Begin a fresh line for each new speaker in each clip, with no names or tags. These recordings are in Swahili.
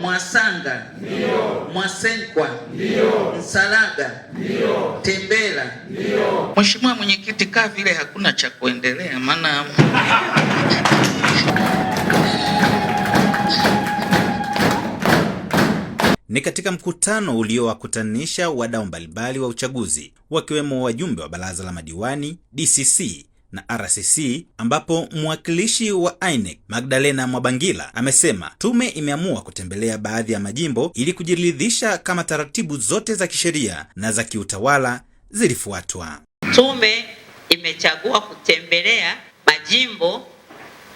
Mwasanga
ndio,
Mwasenkwa ndio, Msalaga
ndio,
Tembela
ndio.
Mheshimiwa Mwenyekiti, kaa vile hakuna cha kuendelea, maana
Ni katika mkutano uliowakutanisha wadau mbalimbali wa uchaguzi wakiwemo wajumbe wa baraza la madiwani DCC na RCC ambapo mwakilishi wa INEC Magdalena Mwabangila amesema tume imeamua kutembelea baadhi ya majimbo ili kujiridhisha kama taratibu zote za kisheria na za kiutawala zilifuatwa.
Tume imechagua kutembelea majimbo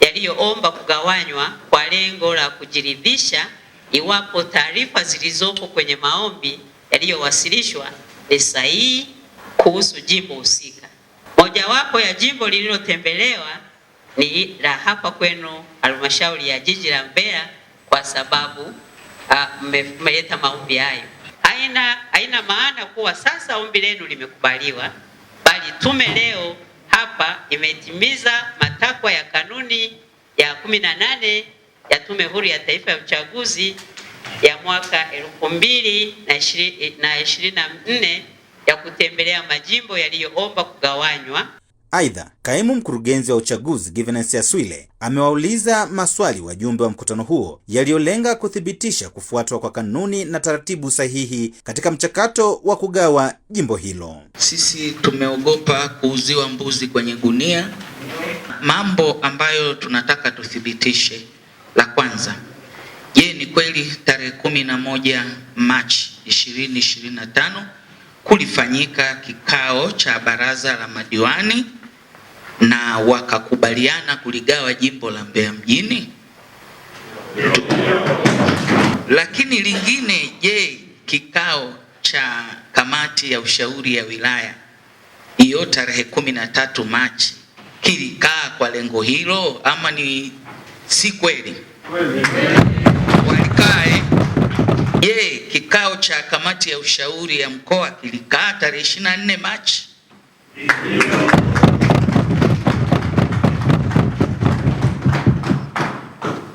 yaliyoomba kugawanywa kwa lengo la kujiridhisha iwapo taarifa zilizopo kwenye maombi yaliyowasilishwa ni sahihi kuhusu jimbo husika. Mojawapo ya jimbo lililotembelewa ni la hapa kwenu halmashauri ya jiji la Mbeya kwa sababu ah, mmeleta maombi hayo. Haina, haina maana kuwa sasa ombi lenu limekubaliwa, bali tume leo hapa imetimiza matakwa ya kanuni ya kumi na nane ya Tume Huru ya Taifa ya Uchaguzi ya mwaka elfu mbili na ishirini na nne ya kutembelea majimbo yaliyoomba kugawanywa.
Aidha, kaimu mkurugenzi wa uchaguzi Giveness aswile amewauliza maswali wajumbe wa mkutano huo yaliyolenga kuthibitisha kufuatwa kwa kanuni na taratibu sahihi katika mchakato wa kugawa jimbo hilo.
Sisi tumeogopa kuuziwa mbuzi kwenye gunia. Mambo ambayo tunataka tuthibitishe, la kwanza, je, ni kweli tarehe kumi na moja Machi 2025 kulifanyika kikao cha baraza la madiwani na wakakubaliana kuligawa jimbo la Mbeya mjini. Lakini lingine, je, kikao cha kamati ya ushauri ya wilaya hiyo tarehe kumi na tatu Machi kilikaa kwa lengo hilo ama ni si kweli? Walikaa je cha kamati ya ushauri ya mkoa kilikaa tarehe 24 Machi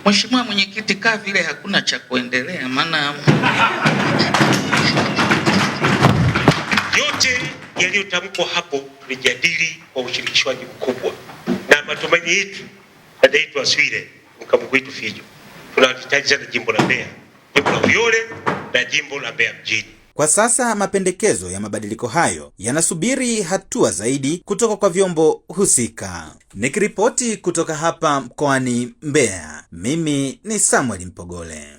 Mheshimiwa mwenyekiti, kaa vile hakuna cha kuendelea, maana
yote yaliyotamkwa hapo tulijadili kwa ushirikishwaji mkubwa, na matumaini yetu dada yetu Aswile mkamkwitu Fijo tunahitaji sana jimbo la Mbeya Iprovyole na jimbo la Mbeya mjini.
Kwa sasa mapendekezo ya mabadiliko hayo yanasubiri hatua zaidi kutoka kwa vyombo husika. Nikiripoti kutoka hapa mkoani Mbeya, mimi ni Samuel Mpogole.